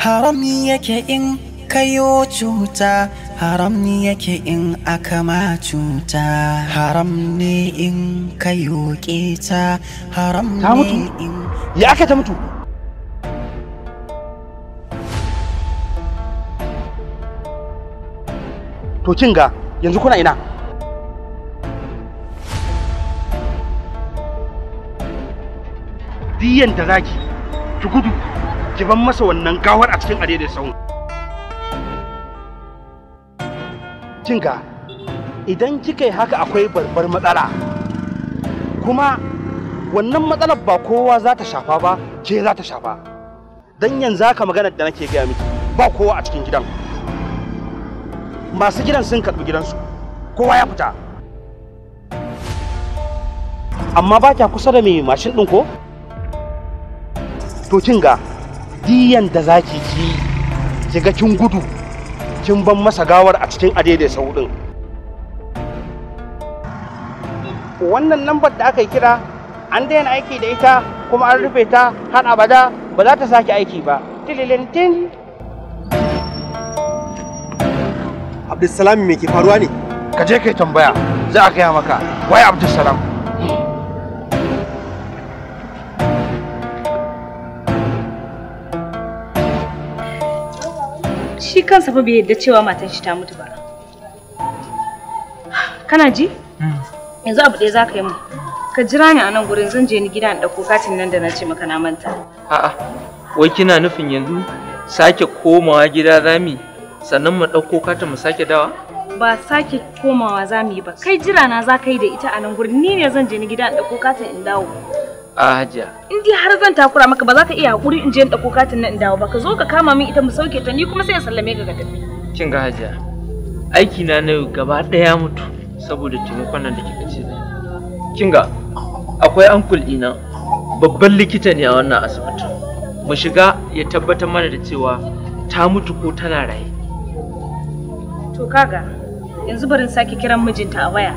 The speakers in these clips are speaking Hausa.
haram ni yake in kayo cuta haram ni yake in aka ma cuta haram ne in kayo keta haram ne in ya aka ta mutu to kin ga yanzu kuna ina diyan da zaki ki gudu ki ban masa wannan gawar a cikin adai da sau. kinga idan kika yi haka akwai babbar matsala kuma wannan matsalar ba kowa za ta shafa ba ke za ta shafa don yanzu haka maganar da nake gaya miki ba kowa a cikin gidan masu gidan sun karɓi gidansu kowa ya fita amma ba kya kusa da mai mashin ɗin ko to kin ga diyan da zaki ki kiga kin gudu kin ban masa gawar a cikin adaidai sau wannan lambar da aka kira an daina aiki da ita kuma an rufe ta har abada ba za ta sake aiki ba tililintin abdulsalam me ke faruwa ne ka je kai tambaya za a gaya maka wai abdulsalam shi kansa fa bai yadda cewa matan shi ta mutu ba kana ji hmm. yanzu abu ɗaya za ka yi mu ka jira ni a nan gurin zan je ni gida in ɗauko katin nan da na ce maka na manta a'a wai kina nufin yanzu sake komawa gida zami sannan mu ɗauko katin mu sake dawa ba sake komawa za mu yi ba kai jira na za ka yi da ita a nan gurin ni ne zan je ni gida in ɗauko katin in dawo A hajiya. In har zan takura maka ba za ka iya hakuri in je in ɗauko katin nan in dawo ba ka zo ka kama min ita mu sauke ta ni kuma sai in sallame ka ka tafi. Kin ga hajiya. Aiki na na gaba ɗaya mutu saboda taimakon nan da kika ce da Kin ga akwai ankul ɗina babban likita ne a wannan asibiti. Mu shiga ya tabbatar mana da cewa ta mutu ko tana raye. To kaga yanzu barin sake kiran mijinta a waya.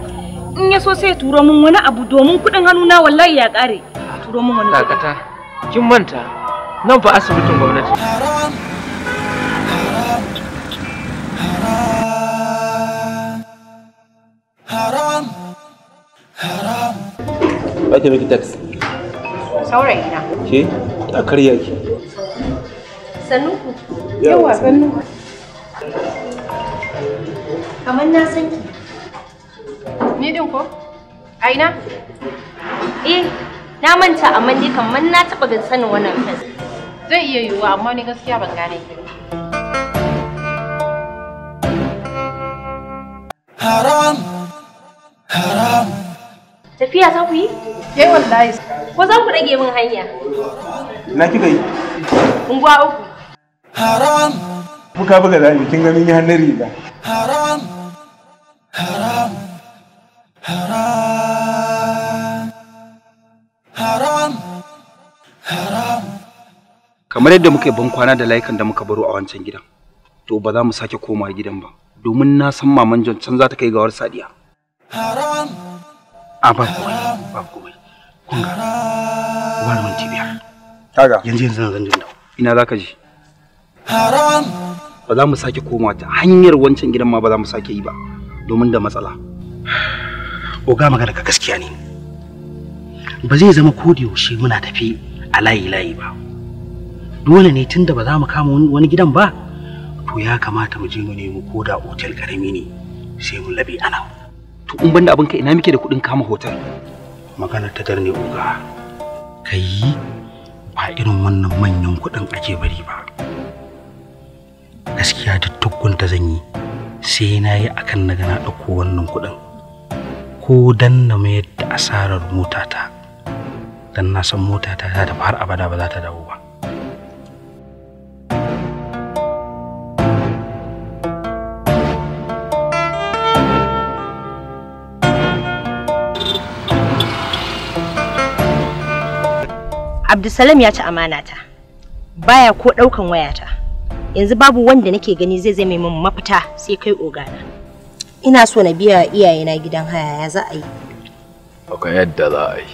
in ya so sai ya turo min wani abu domin kuɗin hannuna wallahi ya ƙare turo min wani dakata kin manta nan fa asibitin gwamnati haram haram ake miki saurayi na ke a karya ki sannu ku yawa sannu kamar na san ki aina eh na manta amma dai kaman na taba ga sanin wannan fes zai iya yiwuwa amma ni gaskiya ban gane ki haram haram tafiya za ku yi eh wallahi ko za ku rage min hanya na kika yi unguwa uku haram muka buga da kin ga mun yi hannun haram haram kamar yadda muka ban kwana da layukan da muka baro a wancan gidan to ba za mu sake koma gidan ba domin na san maman John can za ta kai gawar Sadiya haram a ba ba komai kun ga wani minti biyar kaga yanzu yanzu zan jin ina za ka je haram ba za mu sake koma ta hanyar wancan gidan ma ba za mu sake yi ba domin da matsala oga magana ka gaskiya ne ba zai zama ko da muna tafi a layi layi ba dole ne tun da ba za mu kama wani gidan ba to ya kamata mu je mu nemo ko da otel karami ne sai mu labe ana to in banda abin ka ina muke da kuɗin kama hotel magana ta garne uga kai ba irin wannan manyan kuɗin ake bari ba gaskiya da tukunta zan yi sai na yi akan na gana ɗauko wannan kuɗin ko dan na mayar da asarar motata dan na san motata za ta har abada ba za ta dawo ba Abdulsalam ya ci amana ta Baya ko ɗaukan wayata. Yanzu babu wanda nake gani zai zai min mafita sai kai ogana. Ina so na biya iyayena gidan haya ya za a yi. Akwai yadda za a yi.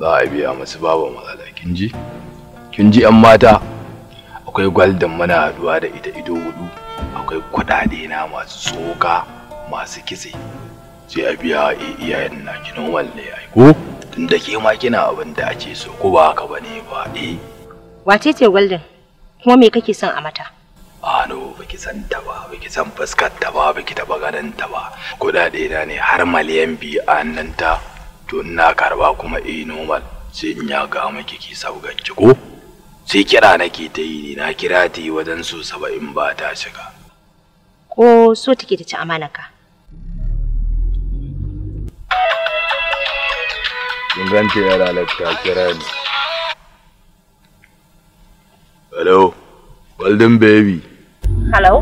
Za a biya musu babu matsala kin ji? Kin ji 'yan mata? Akwai gwaldan mana haduwa da ita ido hudu. Akwai kuɗaɗe na masu tsoka masu kitse. Sai a biya iyayen na ki normal ne ai ko? da ke ma kina abin da ake so ko ba haka bane ba eh wace ce golden kuma me kake son a mata ano ah, baki san ta ba baki san fuskar ta ba baki taba ganin ta ba kudade na ne har miliyan biyu a nan ta to na karba kuma eh normal sai in ya ga miki ki sauganci ko sai kira nake ta yi na kira ta yi wajen su saba'in ba ta shiga ko so take ta ci amanaka in ranta ya kira ne. hello golden baby hello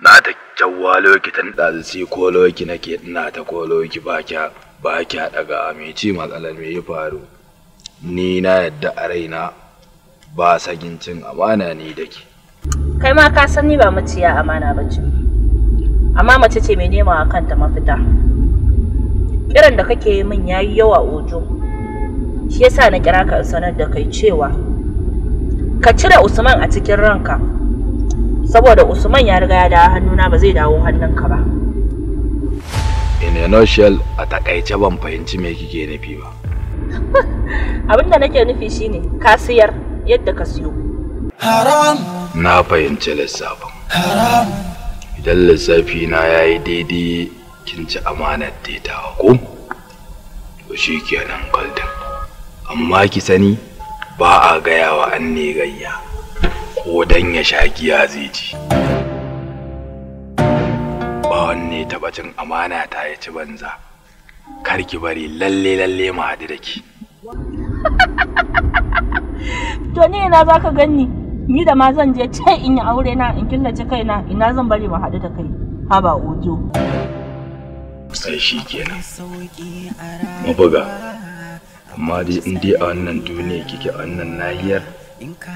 na ta kyawwa loki tan da sai ko loki nake ina ta ko loki ba kya ba kya daga me ci matsalar me ya faru ni na yadda a raina ba sagin cin amana ni da kai ma ka san ni ba maciya amana ba ce amma mace ce mai nema kanta mafita kiran da kake yi min yayi yawa ojo shi yasa na kira ka sanar da kai cewa ka cire usman a cikin ranka saboda usman ya riga ya dawo hannuna ba zai dawo hannunka ba in a nutshell a takaice ban fahimci me kike nufi ba abinda nake nufi shine ka siyar yadda ka siyo haram na fahimci lissafin idan lissafi na yayi daidai kin ci amanar da ya ko to shi kenan kaldan amma ki sani ba a gaya wa an ne gayya ko dan ya sha giya zai ci ba wanne taɓa amana ta ya ci banza kar ki bari lalle lalle ma hadu da ki to ni ina za ka ganni ni da ma zan je can in yi aure na in killace kaina ina zan bari ma haɗu da kai haba ojo shi kenan mabuga amma dai in dai a wannan duniya kike a wannan nahiyar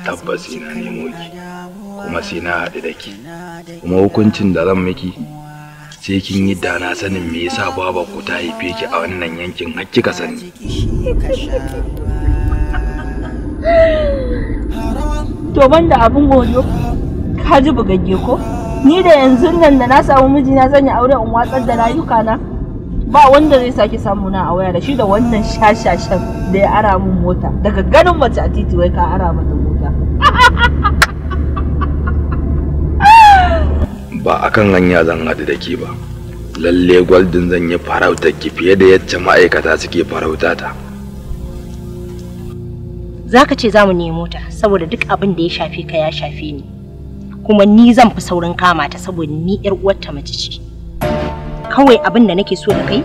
tabbas ina na nemo ki kuma sai na haɗu da ki kuma hukuncin da zan miki sai kin yi dana sanin me yasa baba ku ta haife ki a wannan yankin har kika sani to banda abin godiyo ka ji bugagge ko ni da yanzu nan da na samu mijina zan yi aure in watsar da rayuka na ba wanda zai sake samu na a waya da shi da wannan shashashan da ya ara mun mota daga ganin mace a titi wai ka ara mata mota ba akan hanya zan hadu da ke ba lalle gwaldin zan yi farauta ki fiye da yacce ma'aikata suke farauta ta za ka ce za mu nemo ta saboda duk abin da ya shafe ka ya shafe ni kuma ni zan fi saurin kama ta saboda ni yar ta mace ce kawai abin da nake so da kai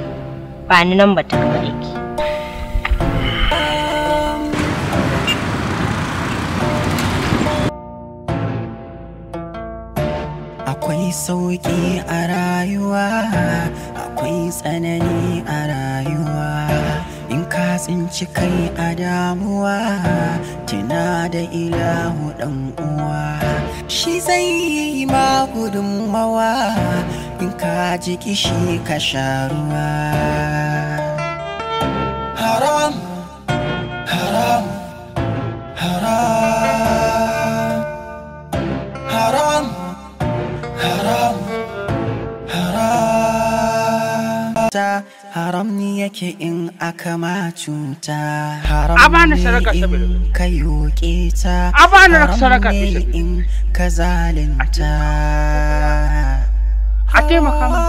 ba ni nan ba ta kamar yake akwai sauƙi a rayuwa akwai tsanani a rayuwa in ka tsinci kai a damuwa tina da ilahu ɗan uwa shi zai yi ma gudunmawa in ka ji kishi ka sha ruwa haram haram haram haram haram haram haram ni yake in aka ma cuta haram ni in ka yoke ta haram ni in ka zalinta a taimaka mu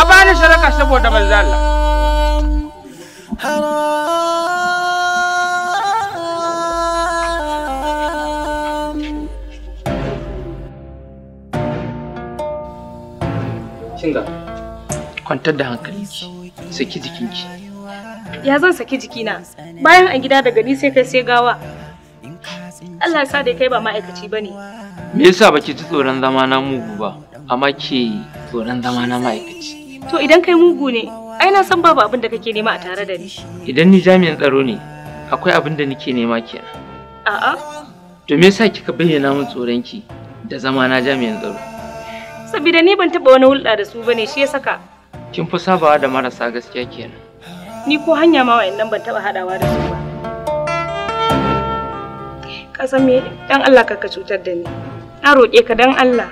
a bani sadaka saboda manzo Allah kwantar da hankali saki jikinki ya zan saki jikina bayan a gida daga ni sai kai sai gawa Allah ya sa dai kai ba ma'aikaci bane me yasa baki ji tsoron zama na mugu ba amma ke tsoron zama na ma'aikaci to idan kai mugu ne ai na san babu abin da kake nema a tare da ni idan ni jami'in tsaro ne akwai abin da nake nema kenan a'a to me yasa kika bayyana min tsoronki ki da zama na jami'in tsaro saboda ni ban taba wani hulɗa da su bane shi ya saka Kin fi sabawa da marasa gaskiya kenan. Ni ko hanya ma wa'annan ban taɓa haɗawa da su ba. Ka san me dan Allah ka cutar da ni. Na roƙe ka dan Allah.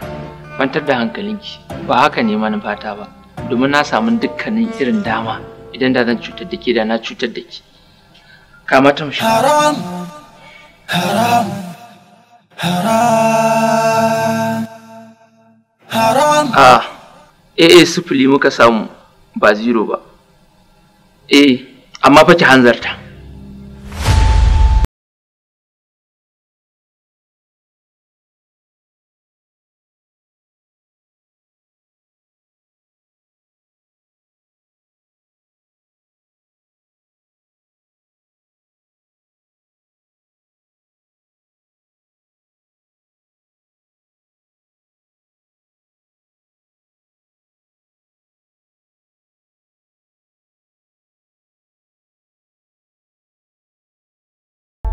Kwantar da hankalinki ba haka ne manin fata ba domin na samu dukkanin irin dama idan da zan cutar da ke da na cutar da ki. Kamata mu Haram, haram, haram, haram. Ah. AA sifili muka samu ba zero ba. Eh, amma fa ki hanzarta.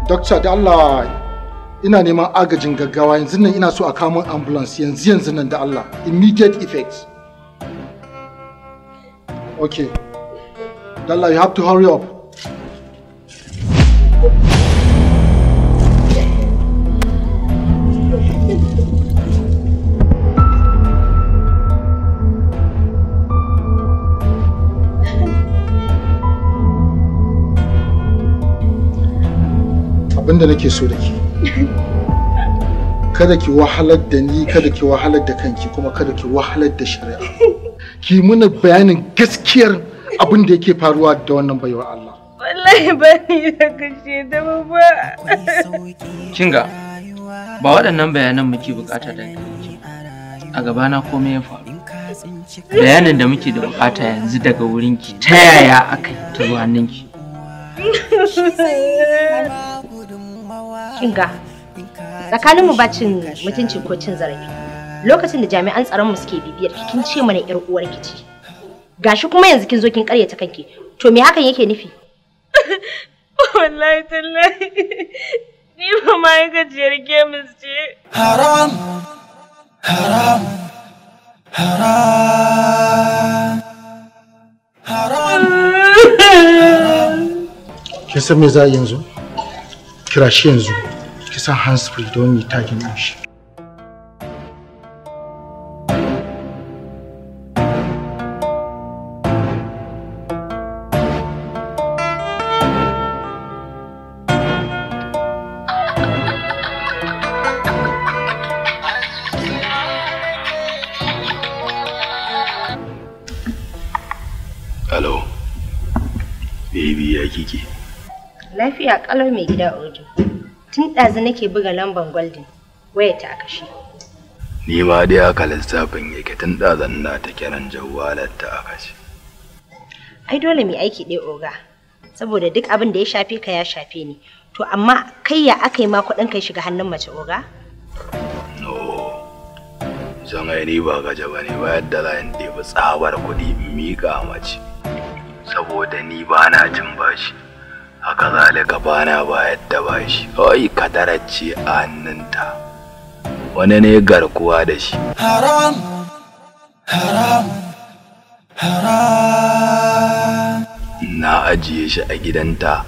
Dokta da Allah ina neman agajin gaggawa yanzu nan ina so a kamun ambulance yanzu yanzu nan da Allah immediate effect. Okay. Dalla you have to hurry up. da nake so da ke kada ki wahalar da ni kada ki wahalar da kanki kuma kada ki wahalar da shari'a ki muna bayanin gaskiyar abin da yake faruwa da wannan baiwa Allah wallahi ba ni da kashe da ba kinga ba waɗannan bayanan muke bukata da a na komai ya faru bayanin da muke da bukata yanzu daga wurinki ta yaya aka yi ta zuwa ki. kinga tsakanin mu bacin mutunci ko cin zarafi lokacin da jami'an tsaron mu suke bibiyar ki kin ce mana yar uwar ki ce gashi kuma yanzu kin zo kin karyata kanki to me hakan yake nufi wallahi tallahi ni ba ma gajiyar gemis ce haram haram haram haram kin san me za yanzu kira shi yanzu ki sa hands free don yi tagin din shi Lafiya kalau mai gida Ojo. ɗazu nake buga lambar goldin waya ta kashe. Ni ma dai aka lissafin yake tun ɗazan na ta kiran jawwalar ta aka Ai dole mai aiki ɗaya oga, saboda duk abin da ya shafe ka ya shafe ni. To amma kai ya aka yi ma kuɗin kai shiga hannun mace oga? No, zan ni ba gaja ba ne ba yadda za in ɗebi tsabar kuɗi mika mace. Saboda ni ba na jin bashi. haka zalika bana bayar da bashi oi darace a hannunta wani ne garkuwa da shi haram haram haram na ajiye shi a gidanta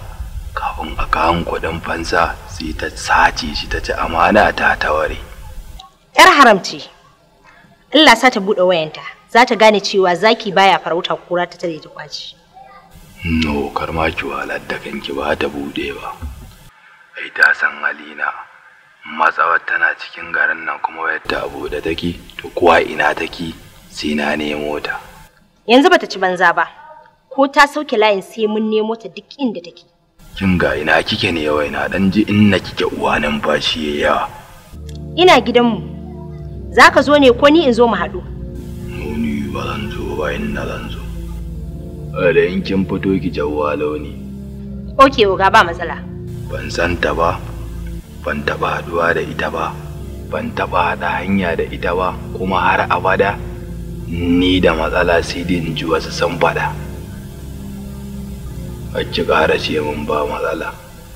kafin a kawon kuɗin fansa sai ta sace shi ta ci amana ta taware yar haramci Allah sa ta buɗe wayanta za ta gane cewa zaki baya farauta kura ta tare ta kwaci no kar ma ki walar da kanki ba ta bude ba ai ta san na. matsawar tana cikin garin nan kuma yadda abu da take to kuwa ina take sai na nemo ta yanzu bata ci banza ba ko ta sauke layin sai mun nemo ta duk inda take kin ga ina kike ne yawa ina dan ji in na kike uwa shi yawa ina gidanmu zaka zo ne ko ni in zo mu haɗu ni ba zan zo ba in na zan zo da in kin fito ki jawwalau ne ok oga ba matsala ban san ta ba ban taba haɗuwa da ita ba ban taɓa haɗa hanya da ita ba kuma har abada ni da matsala sai dai in ji wasu san faɗa wacce ƙara ce mun ba matsala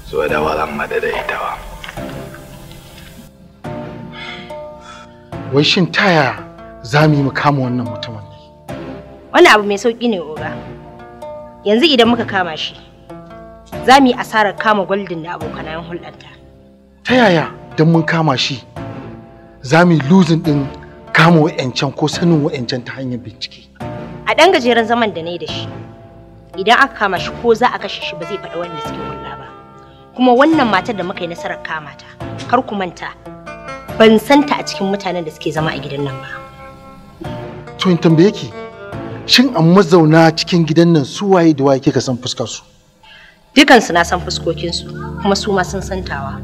so da ba zan da ita ba wai shin taya za mu yi mu kama wannan mutumin wani abu mai sauƙi ne oga yanzu idan muka kama shi za mu yi asarar kama gwaldin da abokanayen hulɗarta ta yaya don mun kama shi za mu yi losing ɗin kama wa'yancan ko sanin wa'yancan ta hanyar bincike a ɗan gajeren zaman da na yi da shi idan aka kama shi ko za a kashe shi ba zai faɗa wanda suke hulɗa ba kuma wannan matar da muka yi nasarar kama ta kar ku manta ban santa a cikin mutanen da suke zama a gidan nan ba to in tambaye ki shin an mazauna cikin gidan nan su waye da waye kika san fuskar su dukansu na san fuskokinsu kuma su ma sun santawa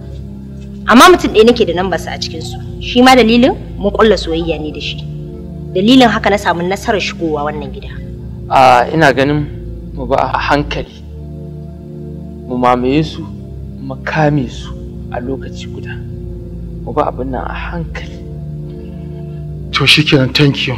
amma mutum ɗaya nake da nan a su shi ma dalilin mun ƙulla soyayya ne da shi dalilin haka na samu nasarar shigowa wannan gida a ina ganin mu ba a hankali mu mamaye su mu kame su a lokaci guda mu ba abin nan a hankali to shikenan thank you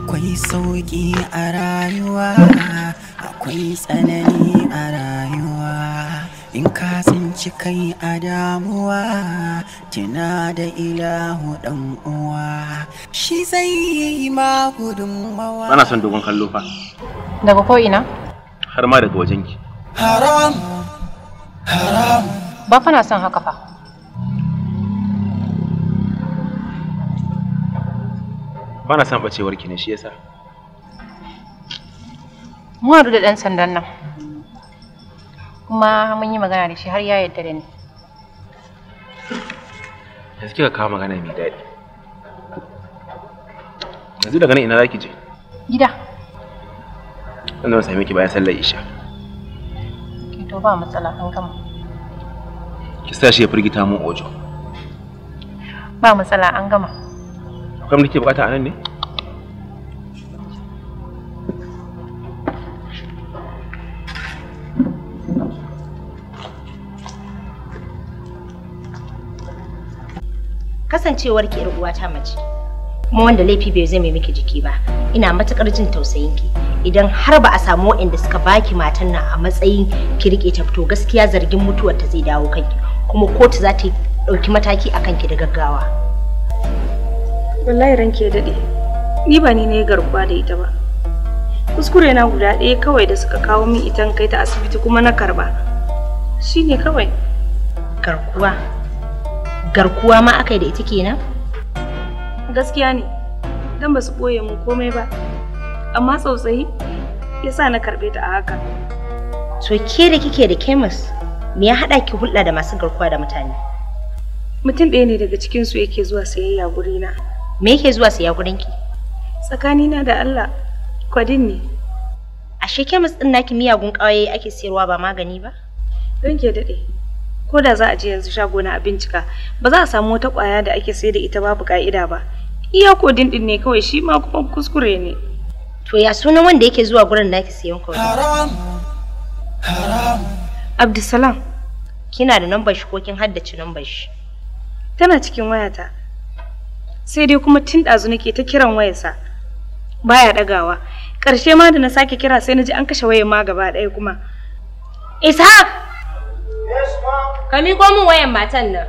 akwai sauƙi a rayuwa akwai tsanani a rayuwa in ka tsinci kai a damuwa tuna da ilahu dan uwa shi zai yi ma mawa ana son dogon kallo fa daga ko ina har ma daga wajenki haram haram ba fa na son haka fa ba na son bacewar ki ne shi yasa mu haɗu da ɗan sandan nan kuma mun yi magana da shi har ya yarda da ni yanzu kika kawo magana mai daɗi yanzu daga nan ina za ki je gida zan zama same ki bayan sallar isha ki to ba matsala an gama ki sa shi ya firgita mu ojo ba matsala an gama kwam nake bukata a ne kasancewar ki uwata mace kuma wanda laifi bai zai mai miki jiki ba ina matukar jin tausayin ki idan har ba a samu waɗanda suka baki matan nan a matsayin ki rike ta fito gaskiya zargin mutuwar ta zai dawo kanki kuma kotu za ta ɗauki mataki akan ki da gaggawa wallahi ranke daɗe ni ba ni ne garkuwa da ita ba kuskure na guda ɗaya kawai da suka kawo min ita kai ta asibiti kuma na karba shine kawai garkuwa garkuwa ma aka da ita kenan gaskiya ne dan ba su ɓoye mun komai ba amma tsautsayi ya sa na karɓe ta a haka to ke da kike da kemis me ya haɗa ki hulɗa da masu garkuwa da mutane mutum ɗaya ne daga cikinsu yake zuwa sayayya gurina me yake zuwa siya gurin ki na da Allah kwadin ne ashe kemis din naki miyagun ƙawaye ake siyarwa ba magani ba don ke dade ko da za a je yanzu shago na a bincika ba za a samu wata ƙwaya da ake sayar da ita babu ka'ida ba iya kodin din ne kawai shi ma kuma kuskure ne to ya sunan wanda yake zuwa gurin naki siyan kodin haram haram abdulsalam kina da nambar shi ko kin haddace nambar shi tana cikin wayata sai dai kuma tun ɗazu nake ta kiran wayarsa baya ɗagawa ƙarshe ma da na sake kira sai na ji an kashe wayar ma gaba ɗaya kuma ishak ka miƙo min wayan matan nan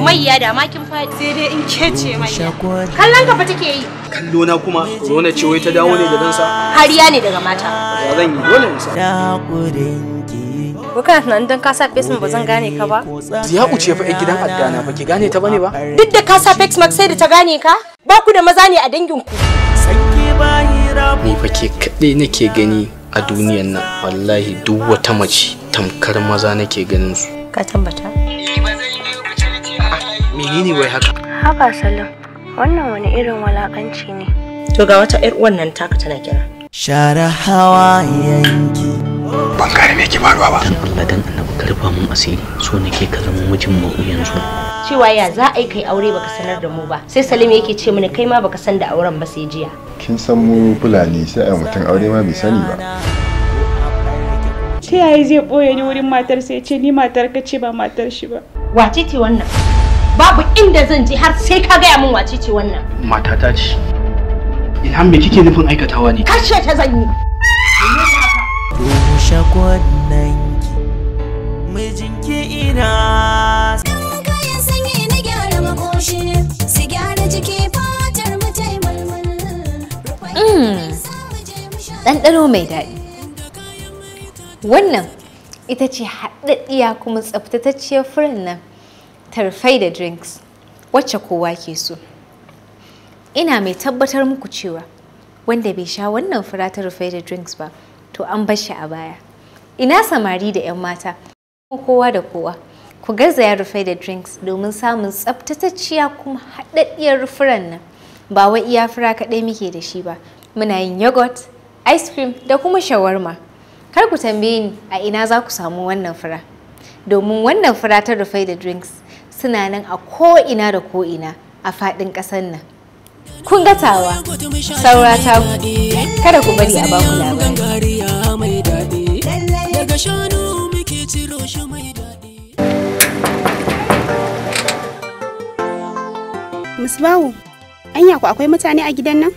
Mai ya dama kin faɗi. Sai dai in kece mai. Kallon ka fa take yi. Kallo na kuma Rona ce wai ta dawo ne da dansa. Hariya ne daga mata. Ya zan yi dole in sa. Ko kana tunanin dan ka sa face ba zan gane ka ba? ziya uce fa ai gidan addana ba ki gane ta bane ba? Duk da ka sa face max sai da ta gane ka? Ba ku da maza ne a dangin danginku. Ni fa ke kaɗai nake gani a duniyan nan wallahi duk wata mace tamkar maza nake ganin su. Ka tambata? menene wai haka haba salim wannan wani irin walakanci ne to ga wata ir wannan taka tana kira share hawa yanki ban kare me ke faruwa ba dan Allah dan annabi ka rufa mun asiri so nake ka zama mijin mu yanzu cewa ya za a yi kai aure baka sanar da mu ba sai salim yake ce mini kai ma baka san da auren ba sai jiya kin san mu fulani sai a mutum aure ma bai sani ba ta yaya zai ɓoye ni wurin matar sai ce ni matar ka ce ba matar shi ba wace ce wannan babu inda zan je har sai ka gaya min wace ce wannan matata ce ilham me kike nufin aikatawa ne kashe ta zan yi rushe kwanan ina hmm, ɗanɗano mai daɗi wannan ita ce haɗaɗɗiya kuma tsaftatacciyar furen nan tarfai da drinks wacce kowa ke so ina mai tabbatar muku cewa wanda bai sha wannan fura ta rufe da drinks ba to an bar shi a baya ina samari da 'yan mata kowa da kowa ku garzaya rufe da drinks domin samun tsabtatacciya kuma haɗaɗɗiyar furan nan ba wai iya fura kaɗai muke da shi ba muna yin yogurt ice cream da kuma shawarma kar ku tambaye ni a ina za ku samu wannan fura domin wannan fura ta rufe da drinks suna nan a ko'ina da ko'ina a faɗin ƙasar nan. Kun ga tawa, saura ta kada ku bari a ba labari. Musbawu, anya ku akwai mutane a gidan nan?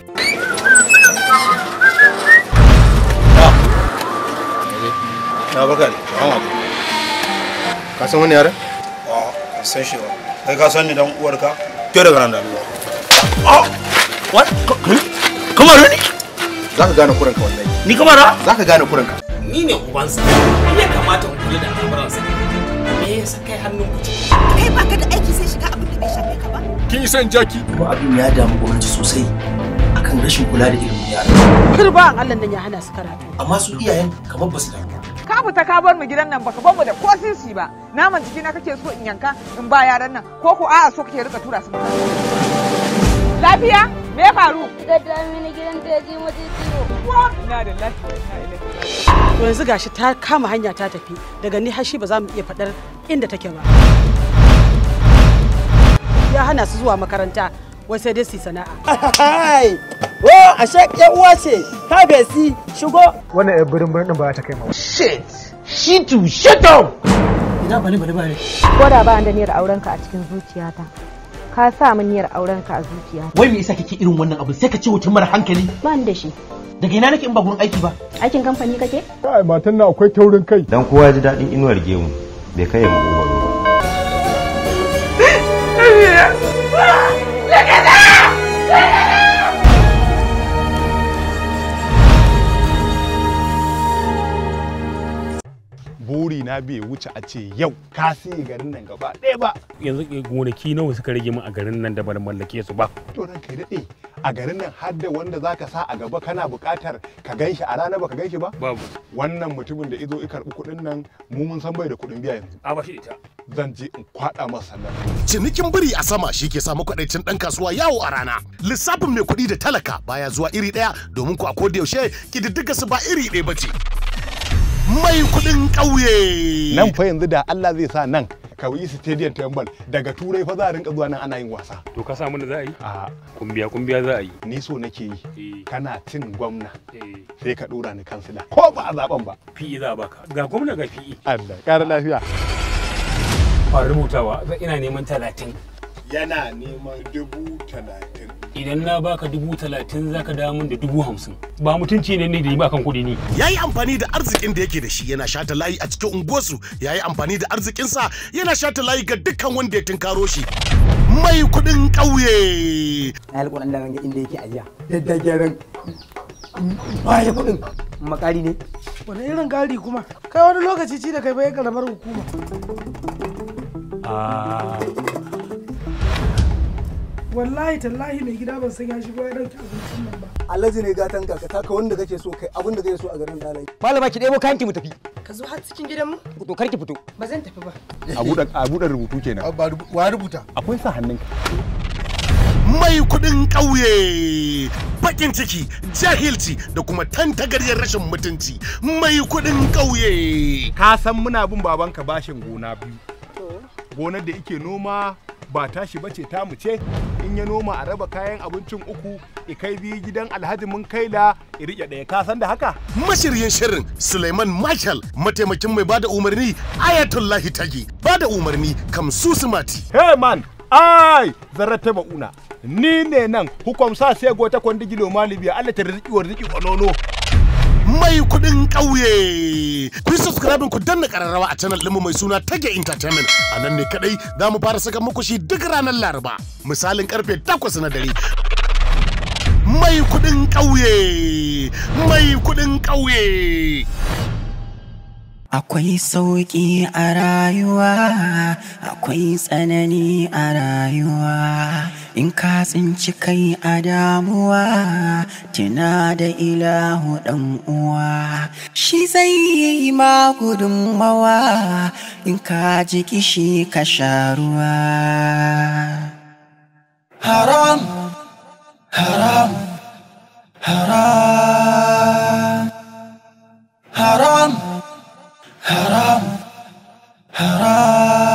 Na barka ka san wani yaran? ban san shi ba kai ka san ni dan uwarka ke daga nan da Allah oh what kamar ni za ka gane kuranka wallahi ni kamar za ka gane kuranka ni ne ubansa ya kamata in kula da al'amuransa me yasa kai hannun ku kai baka da aiki sai shiga abin da bai shafe ka ba kin san jaki ba abin ya damu gwamnati sosai akan rashin kula da ilimin yara. Turban Allah nan ya hana su karatu. Amma su iyayen kamar ba su da damu. Ka fita ka bar mu gidan nan baka bar mu da ko sisi ba. Naman jiki na kake so in yanka in ba yaran nan ko ko a'a so kake rika tura su. Lafiya? Me ya faru? Da mini gidan da ji ciwo. Ina da lafiya yanzu gashi ta kama hanya ta tafi daga ni har shi ba za mu iya faɗar inda take ba. Ya hana su zuwa makaranta wai sai dai su sana'a. Hai! Wo, shek ya uwa ce, ka besi, shigo. Wannan ɗan birin birin ba ta kai ma. Shit! Shitu, shut up! Ina bani bani bale. Ko da ba da niyyar aurenka a cikin zuciyata. Ka sa min niyyar aurenka a zuciyata. Wai me yasa kike irin wannan abu sai ka ce wuce mara hankali? Ba ni da shi. Daga ina nake in ba gurin aiki ba? Aikin kamfani kake? Kai matan na akwai taurin kai. Dan kowa ji daɗin inuwar gemu. Bai kai mu ba. ¡Me na bai wuce a ce yau ka sai garin nan gaba ɗaya ba yanzu gonaki nawa suka rage min a garin nan da ban mallake su ba to ran kai daɗe a garin nan har da wanda zaka sa a gaba kana buƙatar ka ganshi a rana ba baka ganshi ba babu wannan mutumin da izo i karɓi kuɗin nan mu mun san bai da kuɗin biya yanzu a ba shi ita zan je in kwaɗa masa nan cinikin biri a sama shi ke samu kwaɗaicin ɗan kasuwa yawo a rana lissafin mai kuɗi da talaka baya zuwa iri ɗaya domin ku a koda yaushe ƙididdiga su ba iri ɗaya ba mai kudin ƙauye. Nan fa yanzu da Allah zai sa nan yi stadium tambal daga turai fa za a rinka zuwa nan ana yin wasa. To ka samu da za a yi? A kumbiya kumbiya za a yi. Ni so nake yi. Eh. Kana tin gwamna. Eh. Sai ka dora ni kansila. Ko ba a zaben ba. Fi'i za a baka. Ga gwamna ga fi'i. Allah ƙara lafiya. Ba rubutawa ina neman talatin. Yana neman dubu talatin. idan na baka dubu talatin zaka dawo min da dubu hamsin ba mutunci ne ne da yi bakan kuɗi ne ya yi amfani da arzikin da yake da shi yana shata layi a cikin unguwarsu ya yi amfani da arzikinsa yana shata layi ga dukkan wanda ya tunkaro shi mai kudin ƙauye na yi alƙunan da inda yake ajiya yadda gyaran baya kudin makari ne wani irin gari kuma kai wani lokaci ci da kai bai karamar hukuma ah. wallahi tallahi mai gida ban san ya shigo ya dauki abincin nan ba alhaji ne gatan ka taka wanda kake so kai abin da kake so a garin dalai malama ki debo kayan ki mu tafi ka zo har cikin gidan mu to karki ki fito ba zan tafi ba a buɗe a buɗe rubutu kenan wa rubuta akwai sa hannunka mai kudin ƙauye bakin ciki jahilci da kuma tantagaryar rashin mutunci mai kudin ƙauye ka san muna bin babanka bashin gona biyu gonar da yake noma ba tashi bace ta ce in ya noma a raba kayan abincin uku i kai biyu gidan alhaji mun kaila i riƙe ɗaya ka san da haka mashiryin shirin suleiman marshal mataimakin mai bada umarni ayatollahi tagi bada umarni kamsu sumati hey man ai ta ba'una ni ne nan hukumsa sai gota kwandigi lo malibiya allah ta rizki wa rizki ƙwanono mai kuɗin ƙauye. Ku yi subscribe ku danna ƙararrawa a channel ɗinmu mai suna Tage Entertainment. A nan ne kaɗai za mu fara saka muku shi duk ranar Laraba. Misalin ƙarfe takwas na dare. Mai kuɗin ƙauye. Mai kuɗin ƙauye. Akwai sauƙi a rayuwa, akwai tsanani a rayuwa. In ka tsinci kai a damuwa, tuna da ilahu ɗan uwa. Shi zai yi ma gudunmawa, in ka ji kishi ka sha ruwa. Haram, haram, haram, haram. haram haram